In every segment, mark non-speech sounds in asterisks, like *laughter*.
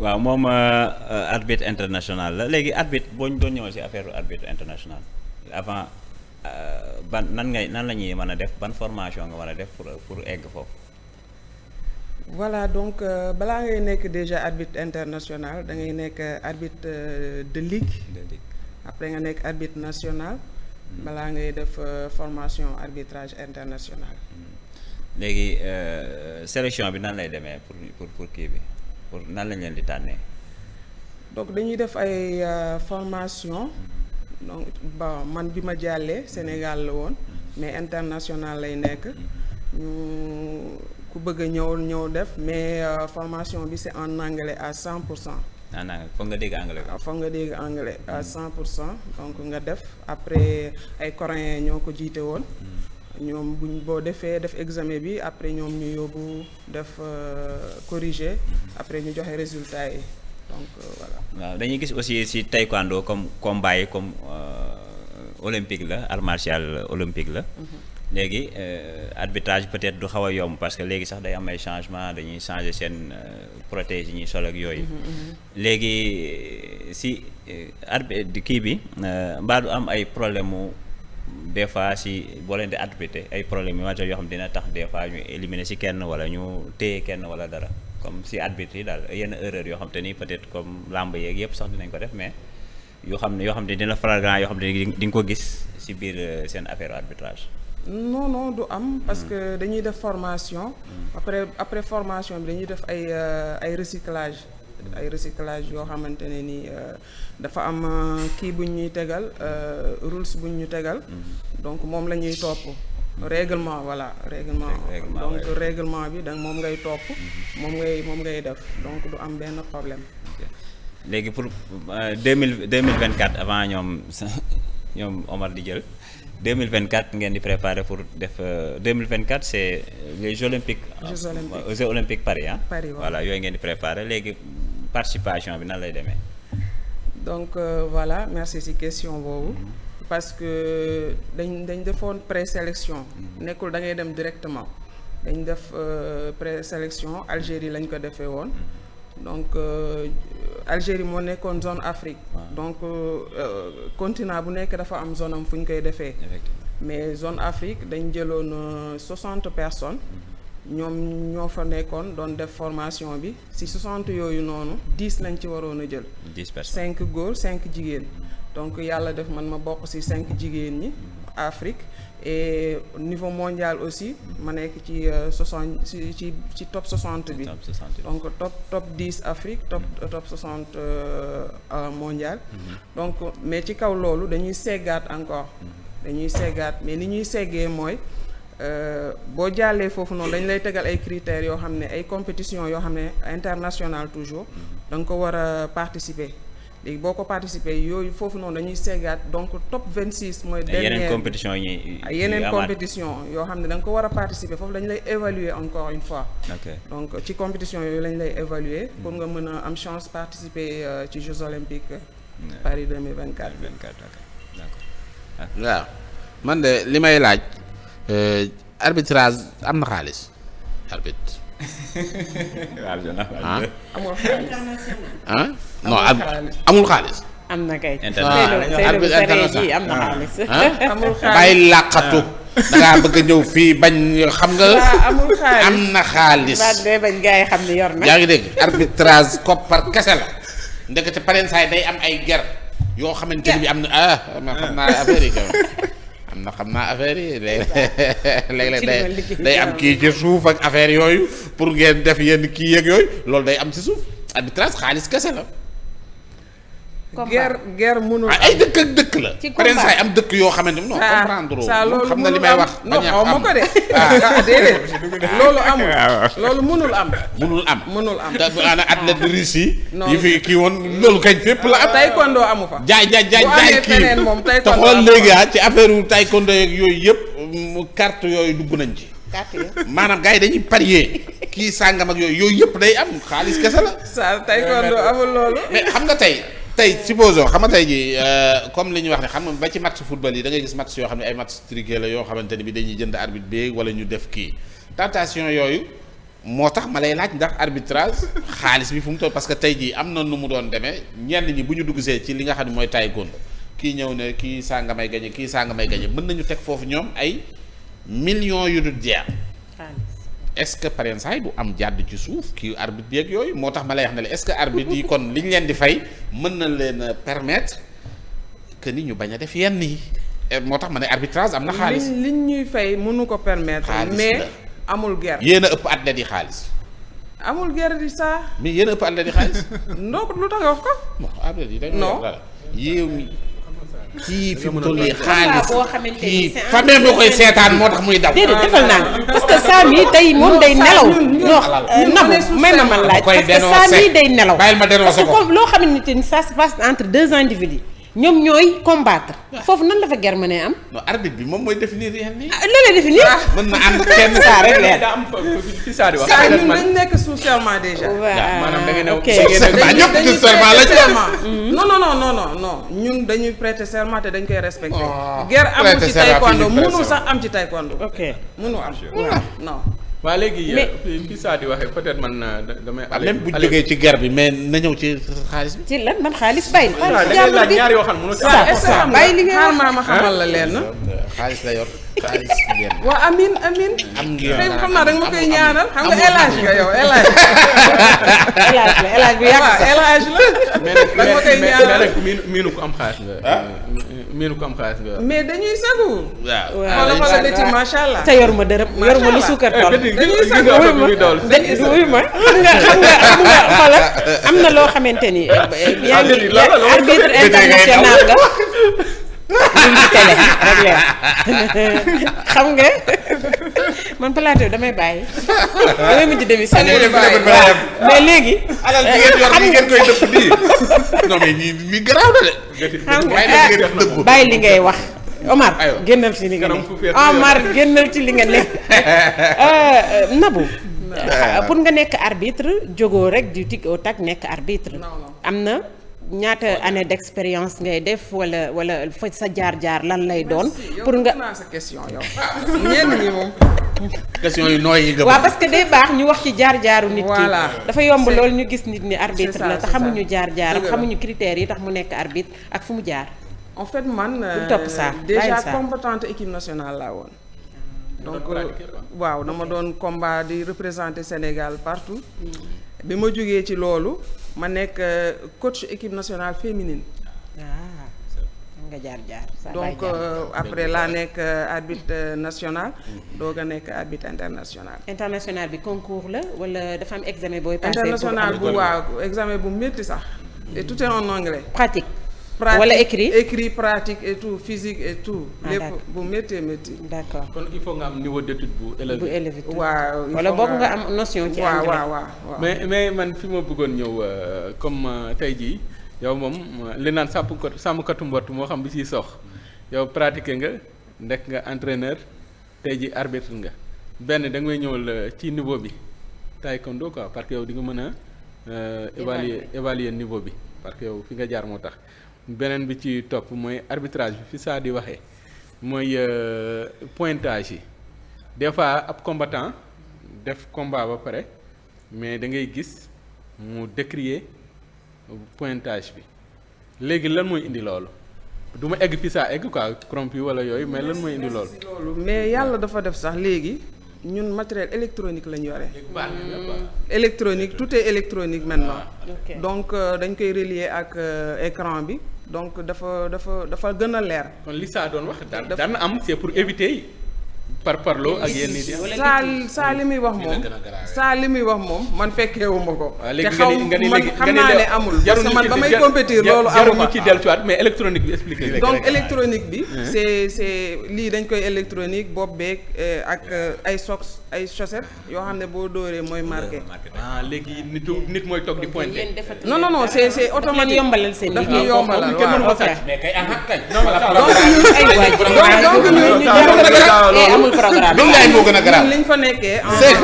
waaw moom euh, arbitre international la léegi arbitre boo ñu doon ñëwal ci affaire arbitre international avant euh, ban nan ngay nan la ñuy mën a def ban formation nga war a def pour pour egg foofu. voilà donc euh, balaa ngay nekk déjà arbitre international da ngay nekk arbitre de ligue. de ligue après nga nekk arbitre national. Hmm. balaa ngay def formation arbitrage international. Hmm. léegi sélection bi nan lay demee pour pour pour kii bi. pour nan lañ leen di tànnee. donc dañuy def ay euh, formation donc bon man bi ma jàllee Sénégal la woon mais international lay nekk ñu ku bëgg a ñëw ñëw def mais euh, formation bi c'est en anglais à cent pour cent. en anglais foog nga dégg anglais. Ah, foog nga dégg anglais à hmm. cent pour cent donc nga def après ay coréens ñoo ko jiite woon. Hmm. ñoom buñ boo defee def examen bi après ñoom ñu yóbbu def euh, corriger après ñu joxe résultat yi donc euh, voilà. dañuy gis aussi si taekwondo comme comme yi comme euh, olympique la art martial olympique la. Mhm. léegi arbitrage peut-être du xaw a yomb parce que léegi sax day am ay changement dañuy changé seen protège yi ñuy sol ak yooyu. Mhm, mhm. léegi si arbi kii bi mbaa du am ay problème mu. des fois si boo leen di interpréter ay problèmes yoo xam dina tax des fois ñu éliminer si kenn wala ñu téye kenn wala dara comme si arbitre yi daal yenn erreur yoo xam te ni peut-être comme làmb yeeg yëpp sax dinañ ko def mais yoo xam ne yoo xam ne dina flagrant yoo xam ne di nga ko gis si biir euh, seen affaire arbitrage. non non du am parce mm. que dañuy def formation. Mm. après après formation bi dañuy def ay euh, ay recyclage. ay recyclage yoo xamante ne ni euh, dafa am euh, kii bu ñuy tegal euh, rules bu ñu tegal mm-hmm. donc moom la ñuy topp règlement voilà règlement donc règlement bi da moom ngay topp mm-hmm. moom ngay moom ngay def donc du am benn problème léegi pour deux mille deux mille vingt quatre avant ñoom *laughs* ñoom Omar di jël deux mille vingt quatre ngeen di préparer pour def deux mille vingt quatre c' est les Jeux olympiques Jeux olympiques Paris ah Paris voilà yooyu ngeen di préparer léegi participation bi na lay demee. donc euh, voilà merci si question boobu. parce que dañ dañ defoon présélection. Mm-hmm. nekkul da ngay dem directement. dañ def euh, présélection Algérie lañ ko defee woon. Mm-hmm. donc euh, Algérie moo nekkoon zone Afrique. donc euh, continent bu nekk dafa am zone am fu ñu koy defee. mais zone Afrique dañ jëloon soixante personnes. Mm-hmm. ñoom ñoo fa nekkoon doon def formation bi si 60 yooyu noonu 10 lañ ci waroon a jël. 10 personnes 5 góor 5 jigéen. donc yàlla def man ma bokk si cinq jigéen ñi Afrique e niveau mondial aussi ma nekk ci 60 euh, ci ci ci top 60 bi. top 60 donc top top 10 Afrique top mm-hmm. top 60 euh, mondial. Mm-hmm. donc mais ci kaw loolu dañuy seggaat encore. Mm-hmm. dañuy seggaat mais ni ñuy seggee mooy. Euh, boo jàllee foofu noonu dañ lay tegal ay critères yoo xam ne ay compétition yoo xam ne internationale toujours da nga ko war a participer léegi boo ko participer yooyu foofu noonu dañuy seggaat donc top 26. mooy dernière yeneen compétition yi yeneen compétition yoo xam ne da nga ko war a participer foofu dañu lay évaluer encore une fois. donc ci compétition yooyu lañu lay évaluer. pour nga mën a am chance participer euh, ci Jeux olympiques. Paris 2024 2024 d'accord. waaw man de li may laaj. Euh, arbitrage am na xaalis arbitre. *laughs* ah, ah? am na kay. Ah, am na ah. *laughs* xaalis. bàyyi làqatu. da ñëw fii bañ xam nga. am na xaalis. bañ gars yi xam ni yor yaa ngi dégg arbitrage koppar kese la. ndekete pareen saay day am ay ger yoo xamante ni bi am na ah. ma xam naa affaire yi *laughs* am na xam naa affaire yi léeg-léeg day day am kii ci suuf ak affaire yooyu pour ngeen def yenn kii yeeg yooyu loolu day am ci suuf arbitrage xaalis kese la. guerre guerre mënul ah, ay dëkk ak dëkk la. ci combat am dëkk yoo xamante non ah, comprendre xam na li may wax. bañ a am ko de. *laughs* Ah. loolu amul. *laughs* mënul am. mënul am mënul am. dafa ana athlète russe yi. yi fi kii woon loolu kañ fépp la am. taekwondo amu fa. jaay jaay jaay jaay kii moom te xool léegi ah ci affaire wu taekwondo yeeg yooyu yëpp mu yooyu dugg nañ ci. carte maanaam gars yi dañuy parier. kii sàngam yooyu yooyu yëpp day am xaalis kese la. sa taekwondo amul loolu. mais xam nga tey tey supposons xam nga tey jii euh, comme li ñuy wax ne xam nga ba ci match football yi da ngay gis match yoo xam ne ay match truqué la yoo xamante ne bi dañuy jënd arbitre bi wala ñu def kii tentation yooyu moo tax ma lay laaj ndax arbitrage xaalis bi fu mu toll parce que tey jii am na nu mu doon demee ñenn ñi bu ñu duggsee ci li nga xam ne mooy taekwondo kii ñëw ne kii saa nga sangamay gañe kii saa nga may gañe mën nañu teg foofu ñoom ay millions yu dul jeex est-ce que pareen saay du am jàdd ci suuf kii arbitre yeeg yooyu moo tax ma lay wax ne la est-ce que arbitre yi kon li ñu leen di fay mën na leen a permettre que ni ñu bañ a def yenn yi moo tax ma ne arbitrage am na xaalis liñ ñuy fay mënu ko permettre mais amul guerre yéen a ëpp athlètes yi xaalis amul guerre di saa mais yéen a ëpp athlètes yi xaalis donc *laughs* lu tax nga wax ko non athlètes yi dañoo dara yéew kii fi mu toll nii xaalis kii famille ba koy seetaan moo tax muy daw. déedéet defal naa parce que Samy tey moom day nelaw. non euh, nabu may ma man laaj. parce que Samy day nelaw. bàyyil ma denoo sa bopp parce que loo xamante ni ça entre deux individus. ñoom ñooy combattre. foofu nan la fa guerre am. non bi moom mooy définir yenn yi. ah lan la définir. Ah, mën na am kenn saa rek saa di wax. nekk sous serment déjà. waaw ah, maanaam da nga ne. ñëpp sous serment la ñu. Mhm. non non ñun dañuy prêter serment te dañ koy respecter. Oh. guerre amul ci taekwondo mënul sax am ci taekwondo. ok mënul am. non. waa léegi fii saa di waxee peut-être man damay. même bu jógee ci garab bi mais na ñëw ci xaalis bi. ci lan man xaalis bàyyi li nga ma la leen. xaalis xam naa da nga ma koy ñaanal xam nga élage nga yow élage. la élage bu yàgg sax élage la. da nga ma koy ñaanal miinu ko am xaalis nga. miinu ko am xaalis mais dañuy sagu. waaw ah, xoolal xoolal nit yi macha ma dërëm yor ma lu suukar eh, tool. dañuy sagu xam nga xam nga xam nga *laughs* xoolal am na loo xamante ni. Ah, arbitre international nga. ñu xam nga man plateau damay bàyyi damay mujj démissionné mais léegi. alal bi ngeen koy dëpp di mais nii nii garaaw na ah, bàyyi li ngay wax. Omar génnal ci li nga ne Omar génnal ci li nga ne *laughs* euh, Nabou. Ah. pour nga nekk arbitre jógoo rek du tig au tak nekk arbitre am na. ñaata année d'expérience ngay def wala wala faj sa jaar-jaar lan lay doon. pour nga sa question yow. ñenn moom. question yu nooy yi nga. waaw parce que baax ñu wax ci jaar-jaaru nit ki. dafa yomb loolu ñu gis nit ni arbitre la te xamuñu jaar-jaaram xamuñu critères yi tax mu nekk arbitre ak fu mu jaar. en man. bu euh, topp saa déjà compétente équipe nationale woon. donc euh, dama doon combat di représenter Sénégal partout. Hmm. bi ma jógee ci loolu. ma nekk euh, coach équipe nationale féminine. ah nga jaar jaar. donc euh, après laa nekk euh, arbitre national. doog a nekk arbitre international. international bi concours la wala dafa am examen booy. passé international bu waaw examen bu métti sax. et tout est anglais. pratique. wala écrit écrit pratique et tout physique et tout. Ah, lépp bu méttee métti. d'accord kon il faut nga am niveau d'étude bu élevé. bu élevé waaw wala boobu nga am notion. ci anglais waaw waaw mais mais man fi ma bëggoon ñëw euh, comme euh, tey jii yow moom euh, li naan sàppkat sàmmkatu mbott moo xam bi siy sox yow pratiquer nga ndekk nga entraîneur tey jii arbitre nga benn da nga may ñëwal ci niveau bi taekwondo quoi parce que yow di nga mën a. évaluer évaluer niveau bi parce que yow fi nga jaar moo tax. beneen bi ci topp mooy arbitrage bi fi saa di waxee mooy euh, pointage yi des fois ab combatant def combat ba pare mais da ngay gis mu décrier pointage bi léegi lan mooy indi loolu du ma egg fi saa egg quoi corrompu wala yooyu mais lan mooy indi loolu mais yàlla dafa def sax léegi ñun matériel électronique lañ yore. Mm. électronique tout est électronique maintenant. Ah, donc euh, dañ koy relier ak euh, écran bi donc dafa dafa dafa gën a leer. kon li saa doon wax daan am c'est pour éviter. par parlo ak yenn yi. saa saa li muy wax moom saa li muy wax moom man fekkeewuma ko. te xaw man xam naa ne amul. parce que man ba may compétir loolu amu ma ci delluwaat bi expliqué. donc électronique dañ koy électronique bopp beeg ak ay socks ay chaussettes yoo xam ne boo dóoree mooy marqué. ah léegi nit nit mooy toog di pointé. non non non c' est c' est automatique. daf ñuy yombalal waaw daf ñuy yombalal waaw. donc ñun. amul programme. billaay moo gën a garaaw liñ fa nekkee.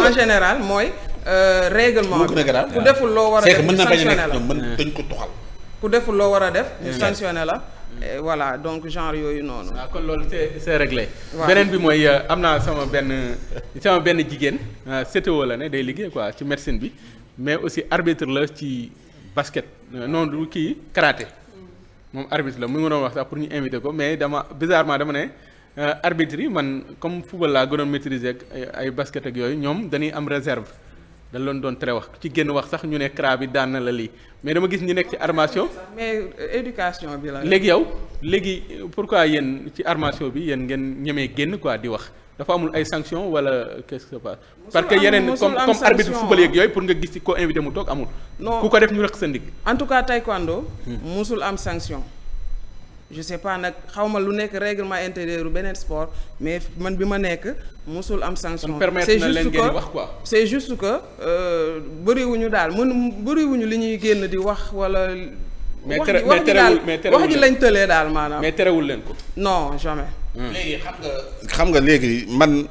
en général mooy. Euh, règlement bi ku deful loo war a def. mën na bañ a nekk ñoom mën dañ ko tuxal. ku deful loo war a def. ñu sanctionné la. Et donc genre yooyu noonu. waaw ah, kon loolu c'est c'est réglé. beneen bi mooy euh, am naa sama benn sama benn jigéen euh, CTO la ne day liggéey quoi ci médecine bi mais aussi arbitre la ci basket noonu du kii karaté moom arbitre la mu ngi wax sax pour ñu invité ko mais dama bizarrement dama ne. Euh, arbitre yi man comme football laa gënoon maîtriser ak ay basket ak yooyu ñoom dañuy am réserve dañ loon doon tere wax ci génn wax sax ñu ne CRA bi daan na la lii mais dama gis ñu nekk ci armation. mais euh, éducation bi la. léegi yow léegi pour euh, pourquoi yéen ci armation bi yéen ngeen ñemee génn quoi di wax dafa amul ay sanctions wala qu'est-ce qui se passe. parce que yeneen comme arbitre football yooyu pour nga gis ci koo invité mu toog amul. non ku ko def ñu rëq sa ndigg. en tout cas taekwondo. Hmm. musul am sanction. je sais pas nag xawma lu nekk règlement intérieur beneen sport mais man bi ma nekk mosul am sanction c'est wax ko c'est juste que euh, bëriwuñu daal mën bëriwuñu li ñuy génn di wax wala mais terewul mais terewul wax ji lañ tëlee daal maanaam mais terewul leen ko non jamais hmm. léegi xam nga léegi man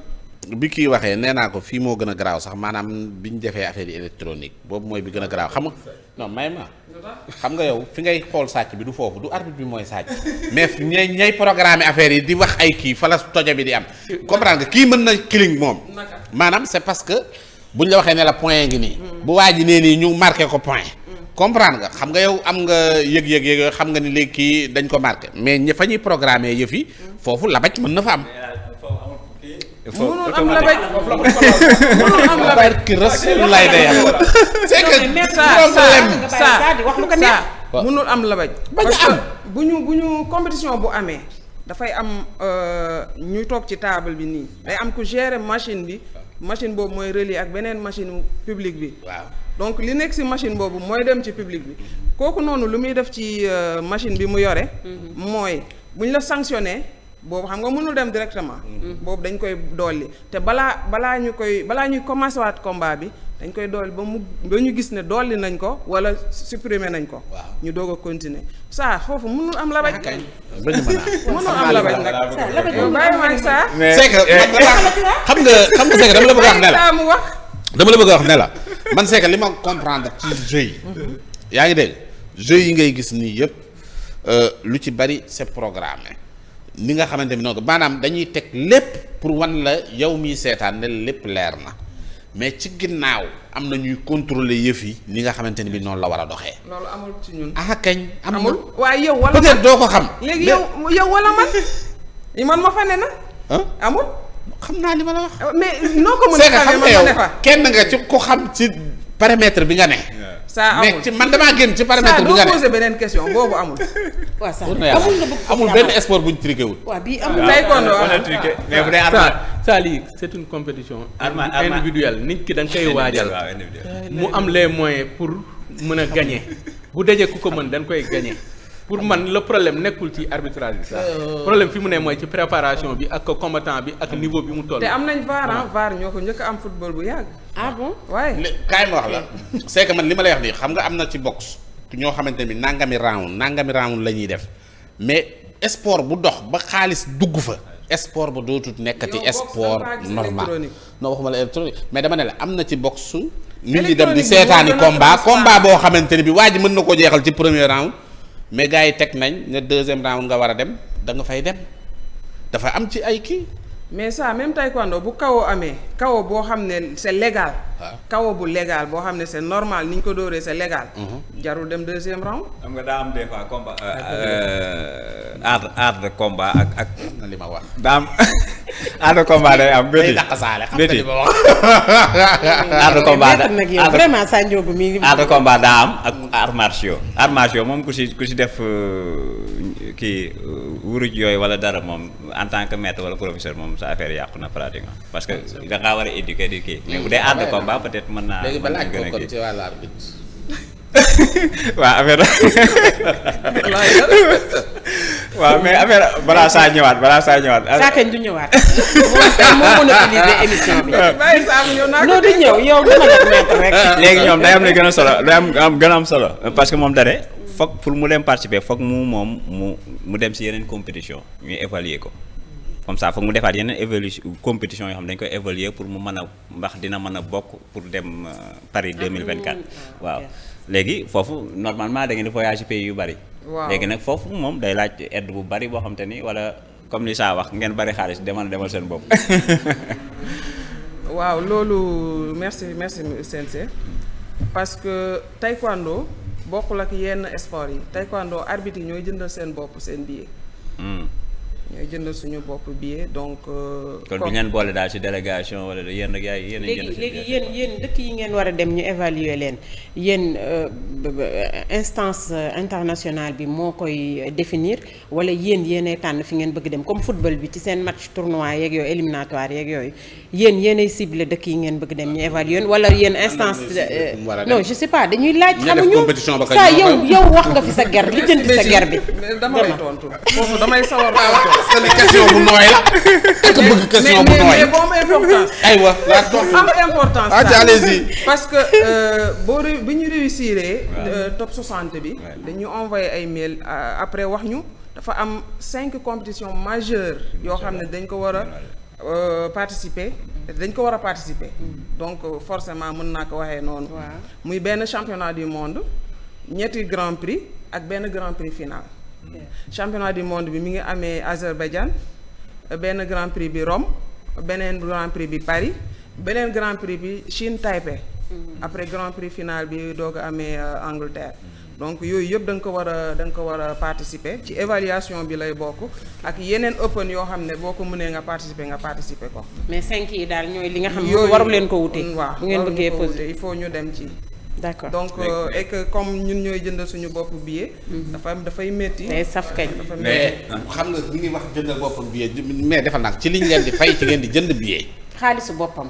bi kii waxee nee naa ko fii moo gën a garaaw sax maanaam bi ñu defee affaire yi boobu mooy bi gën a garaaw xam nga non may ma xam nga yow fi ngay xool sàcc bi du foofu du arbitre bi mooy sàcc mais ñay ñay programme affaire yi di wax ay kii fa la tojo bi di am. comprendre nga kii mën na kiling moom. maanaam c'est parce que bu buñ la waxee ne la point ngi nii. bu waa ji nee nii ñu marqué ko point. comprendre nga xam nga yow am nga yëg-yëg yëg xam nga ni léegi kii dañ ko marqué mais ña fa ñuy programmer yëf yi foofu labaj mën na fa am. mënul *laughs* am la bañ mënul am la bañ barki Rasulullah day am c'est que problème ko neex mënul am la bañ bañ bu ñu bu ñu compétition bu amee dafay am euh, ñu toog ci taabal bi nii day am ku gérer machine bi machine boobu mooy relier ak beneen machine publique bi waaw donc li nekk si machine boobu mooy dem ci public bi kooku noonu lu muy def ci euh, machine bi mu yore mm-hmm. mooy bu ñu la sanctionné boobu xam nga mënul dem directement. Mm-hmm. boobu dañ koy dolli te balaa balaa ñu koy balaa ñuy commencé waat combat bi dañ koy dolli ba mu ba ñu gis ne dolli nañ ko wala supprimer nañ ko. ñu doog a continuer saa foofu mënul am la ah, kañ ah, *laughs* mënul am labaj nag. yow bàyyi eh, *laughs* xam nga xam nga la bëgg a wax mu wax. dama la bëgg a wax ne la man Seck li ma comprendre ci jeu yi. Mm-hmm. yaa ngi dégg jeu yi ngay gis nii yëpp euh, lu ci bari c'est programme li nga xamante ni noonu maanaam dañuy teg lépp pour wan la yow mii seetaan ne lépp leer na mais ci ginnaaw am na ñuy contrôler yëf yi ni nga xamante ni bi noonu la war a doxee. loolu amul ci ñun. ah kañ amul waaye yow. wala peut-être doo ko xam. léegi yow yow wala man. *laughs* man ma fa ne na. amul. xam naa li ma la wax. mais noo ko mën a. xam nga yow kenn nga ci ko xam ci paramètre bi nga ne. ça amul mais ci man damaa génn ci paramètre bi nga ne saa doo posé beneen question boobu amul. *laughs* waaw sax amul nga bëgg amul benn sport buñ triqué wul. waaw bii ah, amul taekwondo ah. ah. mais bu dee arma saa lii c'est compétition. arma individuelle nit ki da nga koy waajal. mu am les moyens pour mën a gagner bu dajee ku ko mën dañ koy gagner. pour man le problème nekkul ci arbitrage bi sax euh, problème fi mu ne mooy ci préparation bi ak combattant bi ak hmm. niveau bi mu toll. te am nañ VAR ah hmm. ñoo ko njëkk am football bu yàgg. ah bon waaye. li kaay ma wax la hmm. c'est man li ma la wax nii xam nga am na ci box ñoo xamante ni nangami round nangami round la ñuy def mais sport bu dox ba xaalis dugg fa. sport bu dootut nekkati sport normal non waxuma la électronique mais dama ne am na ci box. nit ñi dem di seetaani combat combat boo xamante ni bi waa ji mën na koo jeexal ci premier round. mais gars yi teg nañ ne deuxième round nga war a dem da nga fay dem dafa am ci ay kii mais ça même taekwondo bu kawoo amee kawoo boo xam ne c'est légal. Ah. kawoo bu légal boo xam ne c'est normal ni ko dooree c'est légal. Mhm. jarul dem deuxième round. xam nga daa combat. Euh, euh, de combat ak ak. li ma daa am *laughs* art combat day am. béti *laughs* combat daa am ak art martiaux. art martiaux moom ku si ku si def. Euh, kii euh, wuruj yooyu wala dara moom en tant que maître wala professeur moom sa affaire yàqu na pratiquement parce que da ngaa war a éduquer di kii mais bu dee art de combat peut mën naa mën a ñoom am lu gën a solo day am gën a am solo parce que moom dare foog pour mu dem participer foog mu moom mu mu dem si yeneen compétition ñuy évaluer ko comme ça foog mu defaat yeneen évaluation compétition yoo xam dañ koy évaluer pour mu mën a mbax dina mën a bokk pour dem euh, Paris 2024 ah, ah, waaw léegi foofu normalement da ngeen di voyage pays yu bëri léegi nag foofu moom day laaj aide bu bëri boo xam te ni wala comme li saa wax ngeen bëri xaalis demal demal seen bopp *laughs* waaw loolu merci merci Sensei parce que taekwondo bokkul ak yenn sport yi taekwondo arbitre yi ñooy jëndal seen bopp seen billet. Hmm. ñooy jëndal suñu bopp billet donc. Euh, kon du ngeen boole daal ci délégation wala yéen rek yaay yéen léegi léegi yéen yéen dëkk yi ngeen war a dem ñu évaluer leen yéen euh, instance euh, internationale bi moo koy définir wala yéen yéenay tànn fi ngeen bëgg dem comme football bi ci seen match tournoi yeeg yooyu éliminatoire yeeg yooyu yéen yéenay ciblé dëkk yi ngeen bëgg dem ñu évaluer wala yéen instance. non je sais pas dañuy laaj. xamuñu saa yow yow wax nga fi sa ger li sa ger bi. damay parce que bu nooy la. ak bëgg question bu nooy mais ay mais importance. aywa la tontu am importance. ah parce que euh, boo ré bi ñu réussir. Euh, top 60 bi. dañu envoyé ay mail euh, après wax ñu dafa am cinq compétitions majeures yoo xam ne dañ ko war a. participer dañ ko war a participer donc forcément mën naa ko waxee noonu muy benn championnat du monde ñetti grand prix ak benn grand prix final championnat du monde bi mi ngi amee Azerbaïdjan benn grand prix bi Rome beneen grand prix bi Paris beneen grand prix bi Chine Taipei. Mhm. après grand prix final bi doog a amee euh, Angleterre. donc yooyu yëpp da nga ko war a da nga ko war a participer ci évaluation bi lay bokk ak yeneen open yoo xam ne boo ko mënee nga participer nga participer ko. mais cinq yi daal ñooy li nga xam ne waru leen ko wute. waaw waru leen ko wute il faut ñu dem ci. d'accord donc euh, et comme ñun ñooy jëndal suñu bopp billet. Mhm. dafa am dafay métti. day saf kañ mais xam nga ñu ngi wax jëndal boppam billet mais defal naa ci liñ leen di fay ci ngeen di jënd billet. xaalisu boppam.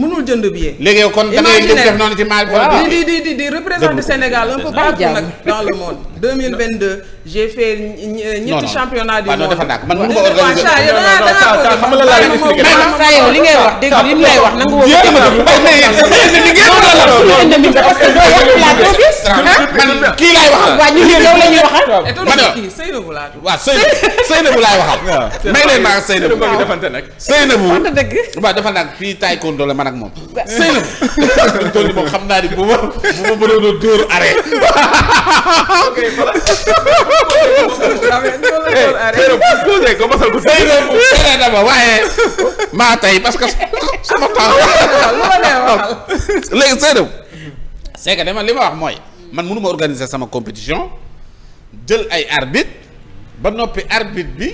mënul jënd billet. léegi kon da ngay def noonu ci maal. di di di di représenter Sénégal un peu partout nag dans le monde 2022. j'ai fait ñetti championnat du monde. non non dafa man mënu ma organiser. xam nga la lay expliqué. saa yow li ngay wax dégg li mu lay wax nangu woo. jéem a dugg mais ah? man kii laay waxal. waaw ñu yow la ñuy waxal. ma ne waaw Seynabou laay waxal. may leen maa Seynabou. waaw defante nag. Seynabou waaw dafa nag fii taekwondo la man ak moom. Seynabou. li *laughs* toll nii moom xam naa ni bu ma bu ma mënoon a dóor *laughs* waaye maa tey parce que sama temps. li ma wax mooy. man mënuma organiser sama compétition jël ay arbitre ba noppi arbitre bi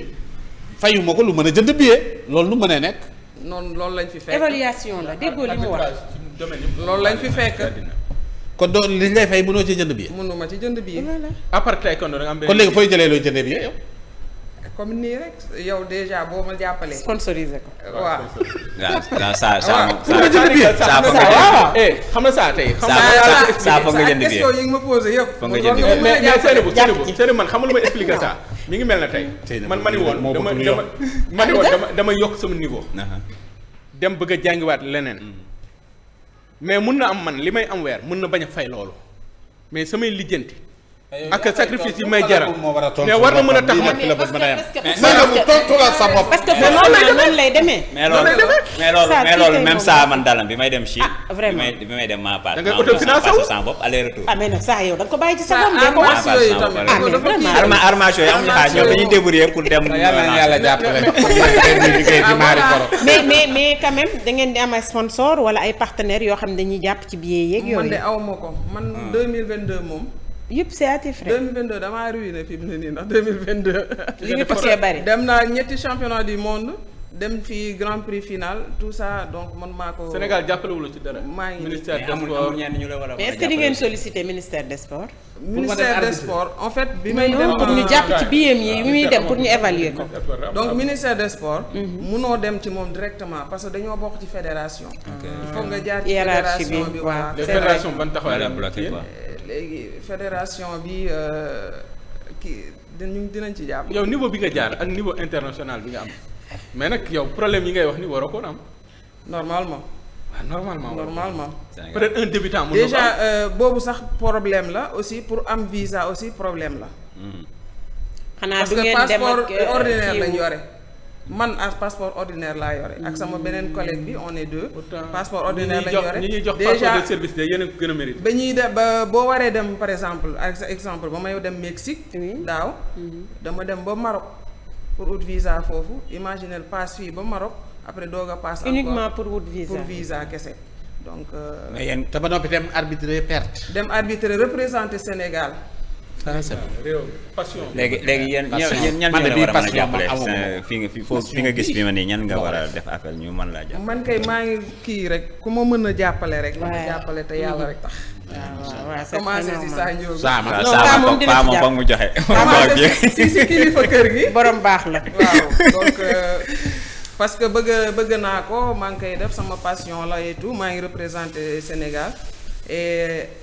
fayuma ko lu mën a jënd billet loolu lu mën a nekk. noonu loolu lañ fi fekk évaluation la déggoo li mu wax. fi fekk. kon doo li ñu lay fay mënoo ci jënd billet. mënuma ci jënd billet. à part taekwondo da nga am kon léegi fooy jëlee looy jëndee billet yow. comme nii rek yow déjà boo ma jàppalee. sponsorisé ko waaw. waaw saa saa nga jënd billet saa foog nga jënd billet xam nga saa tey. xam nga saa foog nga jënd billet question yi nga ma posé yëpp. foog nga jënd billet mais mais Seynabou Seynabou Seynabou man xam nga lu may expliqué ça. mi ngi mel na tey. man ma ni woon dama dama ma ni woon dama dama yokk sama niveau. dem bëgg a jàngiwaat leneen mm. mais mun na am man li may am weer mun na bañ a fay loolu mais samay lijjanti ak sacrifice yi may jaral mais war na mën a tax ma mais parce que noonu lay demee. mais loolu mais loolu même saa man dalam bi may dem Chine. ah vraiment bi may dem ma part. da ngay autofinancé wu sama bopp aller retour. ah mais nag saa yow da nga ko bàyyi ci sa ah, bopp. ah vraiment armation yi amuñu xaar ñoom dañuy débrouiller pour dem. yàlla na yàlla jàppale *laughs* ah, mais mais mais quand même da ngeen di am ay sponsor wala ay partenaires yoo xam ne dañuy jàpp ci billet yeeg yooyu. man de aw ma ko man 2022 ah. moom yëpp c'est à tes frais 2022 damaa ruiné fi mu nii ndax 2022. *laughs* li nga fas bari dem naa ñetti championnat du monde. dem fi grand prix final tout sa donc man maa ko. Sénégal jàppalewul la ci dara. maa ngi ministère des sports ñu la war a mais est-ce que di ngeen solliciter ministère des sports. ministère des sports en fait. bi may dem pour ñu jàpp ci biyam yi bi muy dem pour ñu évaluer ko. donc ministère des sports. Mhm. munoo dem ci moom directement parce que dañoo bokk ci fédération. il faut nga jaar ci fédération bi waaw. léegi fédération bi euh, kii dinañ dinañ ci jàpp. yow niveau bi nga jaar ak niveau international bi nga am mais nag yow problème yi ngay wax ni waroo ko am. normalement. waaw ah, normalement normalement. peut-être un débutant mun déjà euh, boobu sax problème la aussi pour am visa aussi problème la. Hmm. xanaa du ngeen dem ak parce euh, ordinaire lañ yore. man as passeport ordinaire laa yore ak sama beneen collègue bi on est deux. passeport ordinaire lañ yore ñi ñuy jox passeport de service de yéen ba ñuy dem ba boo waree dem par exemple ak exemple ba may dem Mexique. daaw mhm. dama dem ba Maroc pour wut foofu imaginez passe fii ba Maroc après doog a passe. uniquement pour wut visa pour visa kese. donc. Euh, mais yéen te ba noppi dem arbitré perte. dem arbitré représenté Sénégal. ça c'est léegi léegi yéen ñan ñan eh, ñoo la ah, a mën fi nga fi nga gis fi ma ne ñan nga war a def appel ñu man laa jàppale. man kay maa ngi kii rek ku ma mën a jàppale rek. waaw jàppale te yàlla rek tax. waaw c'est commencé si saa Ndiogou. non saa moom dina ci jàpp mu joxe. si si kilifa kër gi. borom baax la. waaw donc parce que bëgg bëgg naa ko maa ngi def sama passion la et maa ngi représenté Sénégal.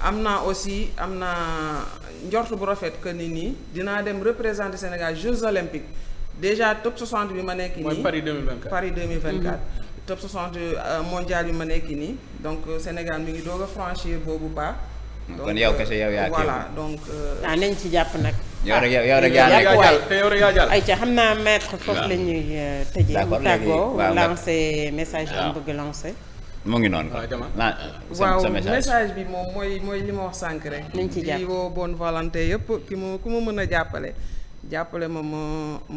am na aussi am na njort bu rafet que ni nii dinaa dem représenter Sénégal Jeux olympiques déjà top 60 bi ma nekk nii. mooy Paris 2024 Paris 2024. Mhm. top 60 euh, mondial bi ma nekk nii donc euh, Sénégal mi ngi doog a franchir boobu pas. kon yow euh, kese yow yaa voilà donc. ah nañ ci jàpp nag. yow rek ah, yow rek yaa jàll ay ca xam naa maître foofu la ñuy tëjee. d'accord léegi mu tàggoo lancer message bi mu bëgg lancer. mu ngi noonu kon naa waaw message bi moom mooy mooy li ma wax sànq rek. nañ ci jàpp di woo bonne volonté yëpp ki mu ku mu mën a jàppale. jàppale ma ma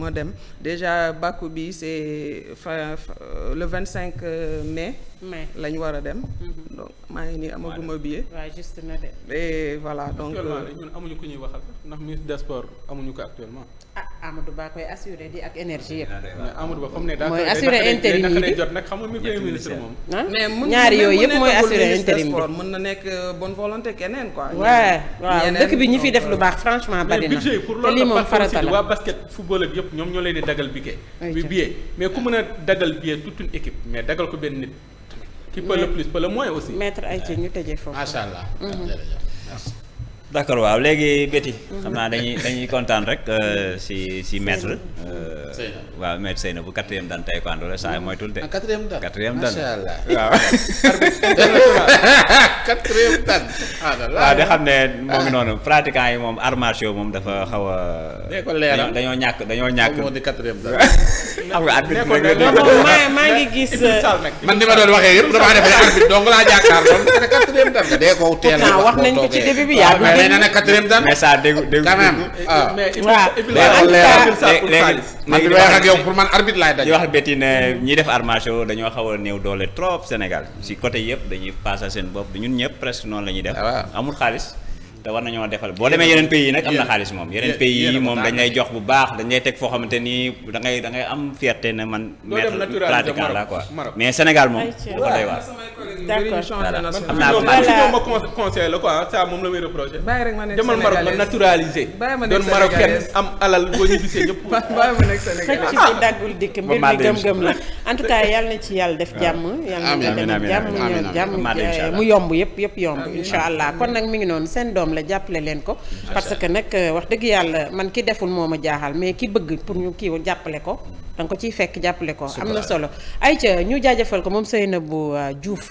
ma dem déjà bàkku bi c'est euh, le vingt cinq euh, mai. mais lañu war a dem. Mhm. donc ni ngi nii amaguma billet. waaw juste na de. et voilà donc actuellement euh, amuñu ku ñuy waxal ndax ministre des sports amuñu ko actuellement. ak ah, Amadou Ba koy assuré di ak énergie yëpp. mais Amadou Ba comme ne mooy assuré intérim yi moom. mais mën ñaar yooyu yëpp mooy assuré intérim bi mën na nekk euh, bonne volonté keneen quoi. waaw waaw dëkk bi ñi fi def lu baax franchement bari na. te lii moom farata la waa basket football ak yëpp ñoom ñoo leen di dagal billet. mais ku mën a dagal billet toute mais dagal ko benn nit qui peut le plus peut le moins aussi. maître Aïté ñu tëjee foofu. macha allah. Mm-hmm. jërëjëf merci. d' accord waaw léegi bëti xam naa dañuy dañuy kontaan rek euh, si si maître. Euh, waaw maître Seyna bu quatrième dan taekwondo la saa yi mooy tulte. ah quatrième dan quatrième dan macha allah *laughs* waaw. *laughs* quatrième dan. Ah, de xam ne moo ngi yi moom arts moom dafa xaw a. nee ko leeral dañoo ñàkk dañoo ñàkk. moom moo di quatrième dan. *laughs* xam nga arbitre bi rek la maa maa ngi gis. man ni ma doon waxee yëpp damaa def ne arbitre wax nañ ko ci début bi yaa mais nee na quatrième daan mais ça dégg dégg quand même waaw man bi may wax ak yow pour man arbitre laay daj di wax betti ne ñi def arts martiaux dañoo xaw a néew doole trop Sénégal si côté yëpp dañuy passé seen bopp ñun ñëpp presque noonu la ñuy def ah, amul xaalis te war nañoo defal boo demee yeneen pays yi nag am na xaalis moom yeneen pays yi moom dañ lay jox bu baax dañ lay teg foo xamante ni da ngay da ngay am fierté ne man maître pratiquant la quoi mais Sénégal moom dafa doy waar d'accord am naa ko ma conseil la alal boo ñu gisee ñëpp *laughs* ah. dikk mbir mi gëm-gëm la en tout na ci yàlla def jàmm mu yomb yëpp yëpp yomb insha allah kon nag mi ngi noonu seen doom la jàppale leen ko parce que nag euh, wax dëgg yàlla man ki deful moo ma jaaxal mais ki bëgg pour ñu kii jàppale ko danga ko ciy fekk jàppale ko am na solo ay ca ñu jaajëfal ko moom na bu euh, Diouf